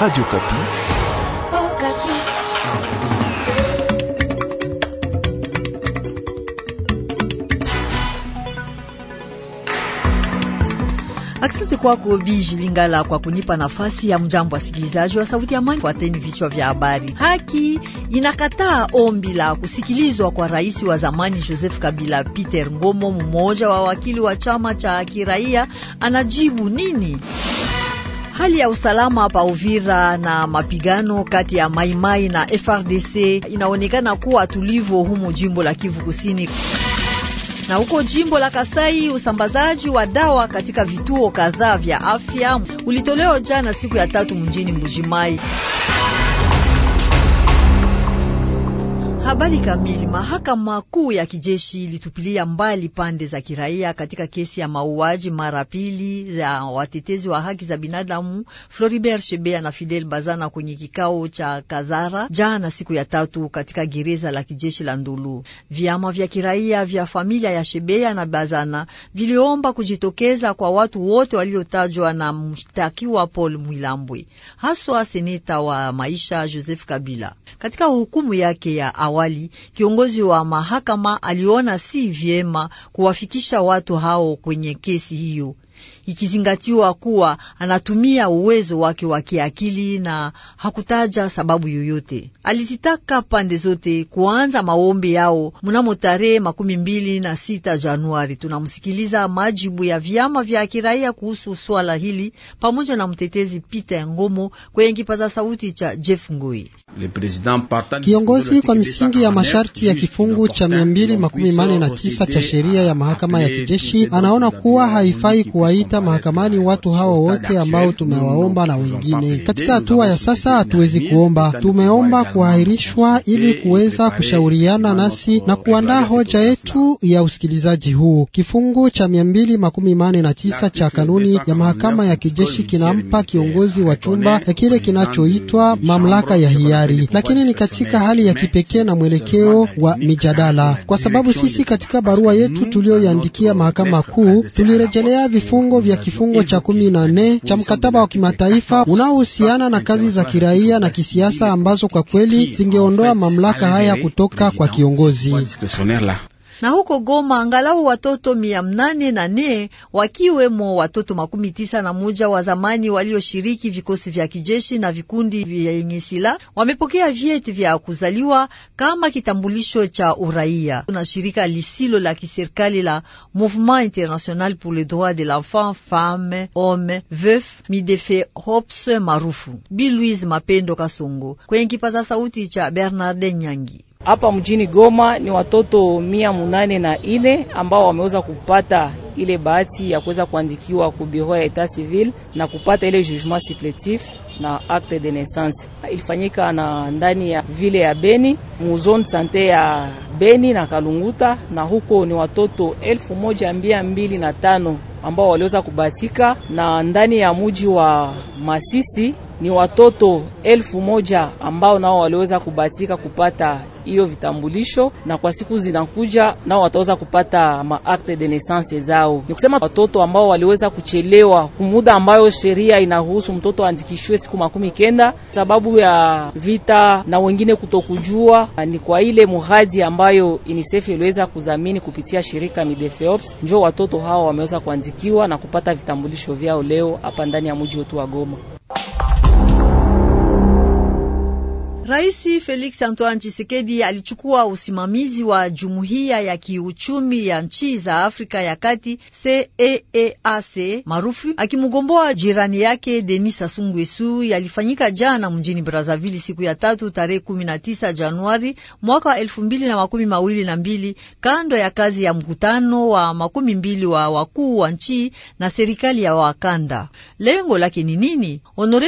Radio Kapi. Oh, Kapi. Asante kwako Biji Lingala kwa kunipa nafasi ya mjambo wasikilizaji wa Sauti ya Amani. Fuateni vichwa vya habari. Haki inakataa ombi la kusikilizwa kwa rais wa zamani Joseph Kabila. Peter Ngomo, mmoja wa wakili wa chama cha kiraia, anajibu nini? Hali ya usalama pa Uvira na mapigano kati ya Maimai na FRDC inaonekana kuwa tulivu humo jimbo la Kivu Kusini. Na huko jimbo la Kasai, usambazaji wa dawa katika vituo kadhaa vya afya ulitolewa jana siku ya tatu mjini Mbujimai. Habari kamili. Mahakama Kuu ya kijeshi ilitupilia mbali pande za kiraia katika kesi ya mauaji mara pili za watetezi wa haki za binadamu Floribert Shebea na Fidel Bazana kwenye kikao cha Kazara jana siku ya tatu katika gereza la kijeshi la Ndulu. Vyama vya kiraia vya familia ya Shebea na Bazana viliomba kujitokeza kwa watu wote waliotajwa na mshtakiwa Paul Mwilambwe, haswa seneta wa maisha Joseph Kabila katika hukumu yake ya awali, kiongozi wa mahakama aliona si vyema kuwafikisha watu hao kwenye kesi hiyo ikizingatiwa kuwa anatumia uwezo wake wa kiakili na hakutaja sababu yoyote. Alizitaka pande zote kuanza maombi yao mnamo tarehe makumi mbili na sita Januari. Tunamsikiliza majibu ya vyama vya kiraia kuhusu swala hili pamoja na mtetezi Peter Ngomo kwenye kipaza sauti cha Jeff Ngui. Kiongozi kwa misingi ya masharti ya kifungu cha tisa cha sheria ya mahakama ya kijeshi anaona kuwa haifai kuwa tunawaita mahakamani watu hawa wote ambao tumewaomba na wengine. Katika hatua ya sasa hatuwezi kuomba, tumeomba kuahirishwa ili kuweza kushauriana nasi na kuandaa hoja yetu ya usikilizaji huu. Kifungu cha tisa cha kanuni ya mahakama ya kijeshi kinampa kiongozi wa chumba ya kile kinachoitwa mamlaka ya hiari, lakini ni katika hali ya kipekee na mwelekeo wa mijadala, kwa sababu sisi katika barua yetu tuliyoiandikia mahakama kuu tulirejelea vifungu vifungo vya kifungo cha kumi na nne cha mkataba wa kimataifa unaohusiana na kazi za kiraia na kisiasa ambazo kwa kweli zingeondoa mamlaka haya kutoka kwa kiongozi na huko Goma angalau watoto mia mnane na nne wakiwemo watoto makumi tisa na moja wa zamani walioshiriki vikosi vya kijeshi na vikundi vyenye silaha wamepokea vyeti vya kuzaliwa kama kitambulisho cha uraia. Na shirika lisilo la kiserikali la Mouvement International pour le Droit de l'Enfant Femme Homme Veuf Midefe Hops maarufu Bi Louise Mapendo Kasongo kwenye kipaza sauti cha Bernard Nyangi. Hapa mjini Goma ni watoto mia munane na ine ambao wameweza kupata ile bahati ya kuweza kuandikiwa ku bureau ya etat civil na kupata ile jugement supplétif na acte de naissance. Ilifanyika na ndani ya vile ya Beni mu zone sante ya Beni na Kalunguta, na huko ni watoto elfu moja mia mbili na tano ambao waliweza kubahatika, na ndani ya muji wa Masisi ni watoto elfu moja ambao nao waliweza kubatika kupata hiyo vitambulisho, na kwa siku zinakuja nao wataweza kupata maakte de naissance zao. Ni kusema watoto ambao waliweza kuchelewa kumuda ambayo sheria inaruhusu mtoto aandikishiwe siku makumi kenda sababu ya vita na wengine kutokujua, ni kwa ile muradi ambayo UNICEF iliweza kudhamini kupitia shirika Midefeops, njo watoto hao wameweza kuandikiwa na kupata vitambulisho vyao leo hapa ndani ya mji wetu wa Goma. Rais Felix Antoine chisekedi alichukua usimamizi wa Jumuiya ya Kiuchumi ya Nchi za Afrika ya Kati CEEAC maarufu akimgomboa jirani yake Denis Sassou Nguesso. Yalifanyika jana mjini Brazzaville siku ya tatu tarehe 19 Januari mwaka wa elfu mbili na makumi mawili na mbili kando ya kazi ya mkutano wa makumi mbili wa wakuu wa nchi na serikali ya wakanda. Lengo lake ni nini?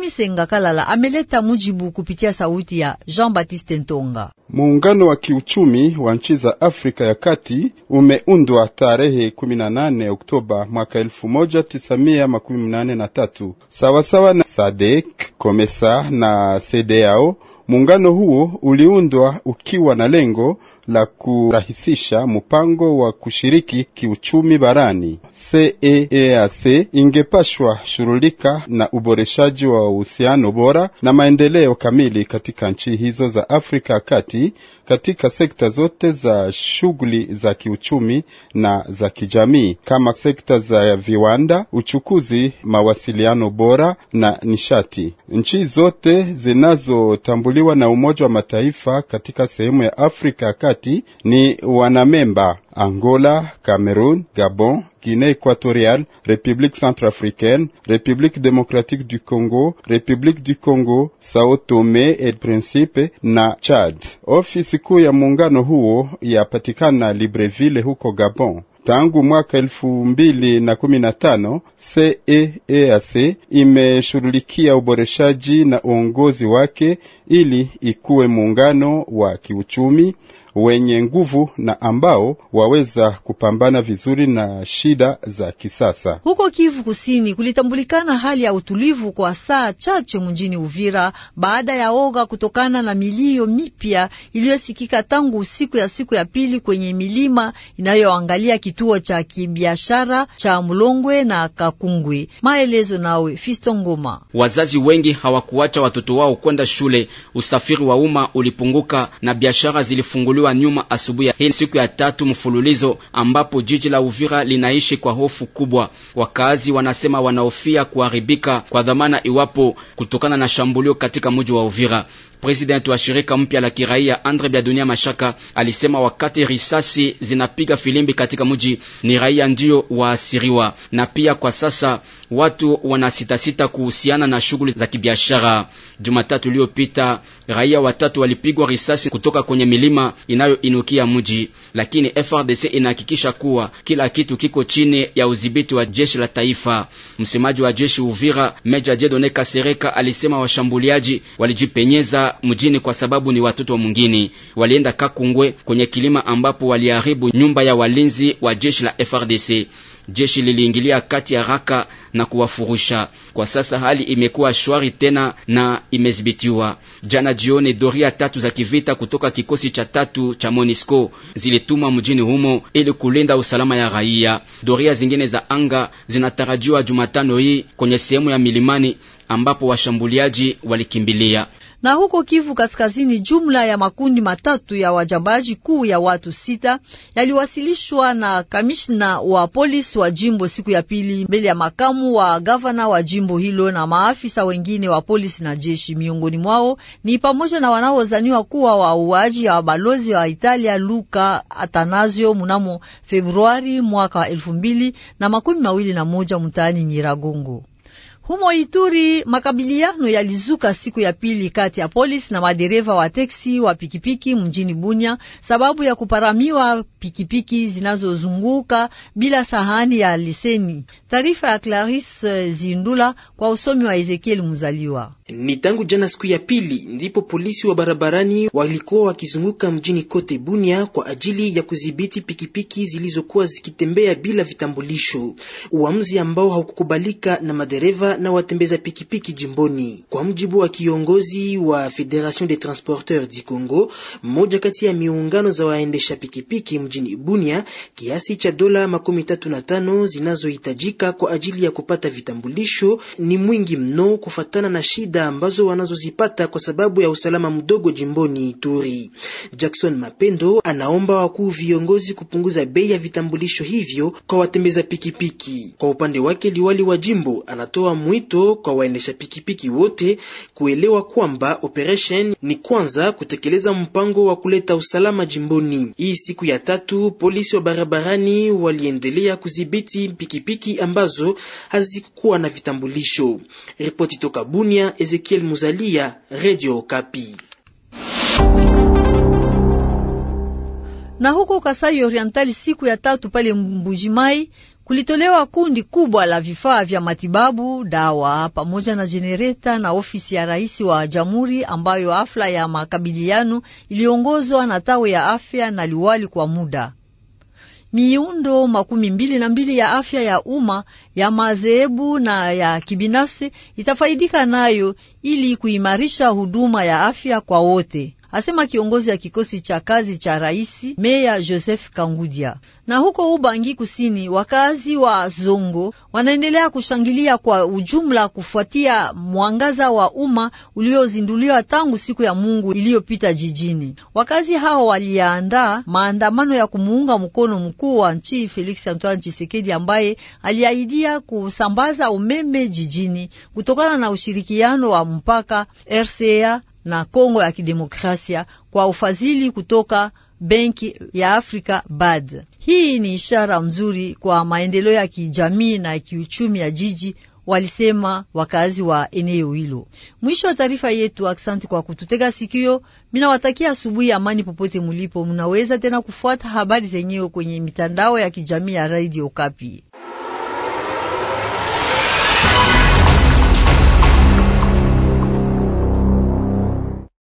misenga kalala ameleta mujibu kupitia sauti ya Bunia, Jean-Baptiste Ntonga. Muungano wa kiuchumi wa nchi za Afrika ya Kati umeundwa tarehe 18 Oktoba mwaka 1983 sawasawa na SADC, COMESA na CEDEAO. Muungano huo uliundwa ukiwa na lengo la kurahisisha mpango wa kushiriki kiuchumi barani CEEAC e e ingepashwa shughulika na uboreshaji wa uhusiano bora na maendeleo kamili katika nchi hizo za Afrika ya Kati katika sekta zote za shughuli za kiuchumi na za kijamii kama sekta za viwanda, uchukuzi, mawasiliano bora na nishati. Nchi zote zinazotambuliwa na Umoja wa Mataifa katika sehemu ya Afrika ya Kati kati ni wanamemba Angola, Cameroon, Gabon, Guinée equatorial République centrafricaine, République démocratique du Congo, République du Congo, Sao Tome et Principe na Chad. Ofisi kuu ya muungano huo yapatikana Libreville huko Gabon. Tangu mwaka elfu mbili na kumi na tano CEEAC e e imeshughulikia uboreshaji na uongozi wake ili ikuwe muungano wa kiuchumi wenye nguvu na ambao waweza kupambana vizuri na shida za kisasa. Huko Kivu Kusini kulitambulikana hali ya utulivu kwa saa chache mjini Uvira baada ya oga kutokana na milio mipya iliyosikika tangu usiku ya siku ya pili kwenye milima inayoangalia kituo cha kibiashara cha mlongwe na Kakungwe. Maelezo nawe Fisto Ngoma. Wazazi wengi hawakuacha watoto wao kwenda shule, usafiri wa umma ulipunguka na biashara zilifunguliwa wa nyuma asubuhi hii, siku ya tatu mfululizo ambapo jiji la Uvira linaishi kwa hofu kubwa. Wakazi wanasema wanaofia kuharibika kwa dhamana iwapo kutokana na shambulio katika mji wa Uvira. Presidenti wa shirika mpya la kiraia Andre Byadunia Mashaka alisema wakati risasi zinapiga filimbi katika mji ni raia ndio waasiriwa, na pia kwa sasa watu wanasitasita kuhusiana na shughuli za kibiashara. Jumatatu iliyopita raia watatu walipigwa risasi kutoka kwenye milima inayoinukia mji, lakini FRDC inahakikisha kuwa kila kitu kiko chini ya udhibiti wa jeshi la taifa. Msemaji wa jeshi Uvira, Meja Jedone Kasereka alisema washambuliaji walijipenyeza kutoka mjini kwa sababu ni watoto wa mwingine. Walienda Kakungwe kwenye kilima ambapo waliharibu nyumba ya walinzi wa jeshi la FRDC. Jeshi liliingilia kati ya raka na kuwafurusha. Kwa sasa hali imekuwa shwari tena na imezibitiwa. Jana jioni, doria tatu za kivita kutoka kikosi cha tatu cha Monisco zilitumwa mjini humo ili kulinda usalama ya raia. Doria zingine za anga zinatarajiwa Jumatano hii kwenye sehemu ya milimani ambapo washambuliaji walikimbilia na huko Kivu Kaskazini, jumla ya makundi matatu ya wajambaji kuu ya watu sita yaliwasilishwa na kamishna wa polisi wa jimbo siku ya pili mbele ya makamu wa gavana wa jimbo hilo na maafisa wengine wa polisi na jeshi. Miongoni mwao ni pamoja na wanaozaniwa kuwa wauaji ya balozi wa Italia Luka Atanasio mnamo Februari mwaka elfu mbili na makumi mawili na moja mtaani Nyiragongo. Humo Ituri makabiliano yalizuka siku ya pili kati ya polisi na madereva wa teksi wa pikipiki mjini Bunya sababu ya kuparamiwa pikipiki zinazozunguka bila sahani ya leseni. Taarifa ya Clarisse Zindula kwa usomi wa Ezekiel Muzaliwa. Ni tangu jana siku ya pili ndipo polisi wa barabarani walikuwa wakizunguka mjini kote Bunia kwa ajili ya kudhibiti pikipiki zilizokuwa zikitembea bila vitambulisho, uamuzi ambao haukukubalika na madereva na watembeza pikipiki jimboni. Kwa mjibu wa kiongozi wa Federation des Transporteurs du Congo, mmoja kati ya miungano za waendesha pikipiki mjini Bunia, kiasi cha dola makumi tatu na tano zinazohitajika kwa ajili ya kupata vitambulisho ni mwingi mno kufatana na shida shida ambazo wanazozipata kwa sababu ya usalama mdogo jimboni Ituri. Jackson Mapendo anaomba wakuu viongozi kupunguza bei ya vitambulisho hivyo kwa watembeza pikipiki. Kwa upande wake, liwali wa jimbo anatoa mwito kwa waendesha pikipiki wote kuelewa kwamba operation ni kwanza kutekeleza mpango wa kuleta usalama jimboni. Hii siku ya tatu polisi wa barabarani waliendelea kudhibiti pikipiki ambazo hazikuwa na vitambulisho. Ripoti toka Bunia. Ezekiel Muzalia, Radio Kapi. Na huko Kasai Oriental siku ya tatu pale Mbujimai kulitolewa kundi kubwa la vifaa vya matibabu, dawa pamoja na jenereta na ofisi ya rais wa jamhuri, ambayo hafla ya makabiliano iliongozwa na tawi ya afya na liwali kwa muda miundo makumi mbili na mbili ya afya ya umma ya madhehebu na ya kibinafsi itafaidika nayo ili kuimarisha huduma ya afya kwa wote asema kiongozi ya kikosi cha kazi cha raisi meya Joseph Kangudia. Na huko Ubangi Kusini, wakazi wa Zongo wanaendelea kushangilia kwa ujumla kufuatia mwangaza wa umma uliozinduliwa tangu siku ya Mungu iliyopita jijini. Wakazi hao waliandaa maandamano ya kumuunga mkono mkuu wa nchi Felix Antoine Tshisekedi ambaye aliahidia kusambaza umeme jijini kutokana na ushirikiano wa mpaka RCA na Kongo ya Kidemokrasia kwa ufadhili kutoka Benki ya Afrika BAD. Hii ni ishara mzuri kwa maendeleo ya kijamii na kiuchumi ya jiji, walisema wakazi wa eneo hilo. Mwisho wa taarifa yetu. Aksanti kwa kututega sikio. Minawatakia asubuhi amani popote mulipo. Munaweza tena kufuata habari zenyewe kwenye mitandao ya kijamii ya Radio Kapi.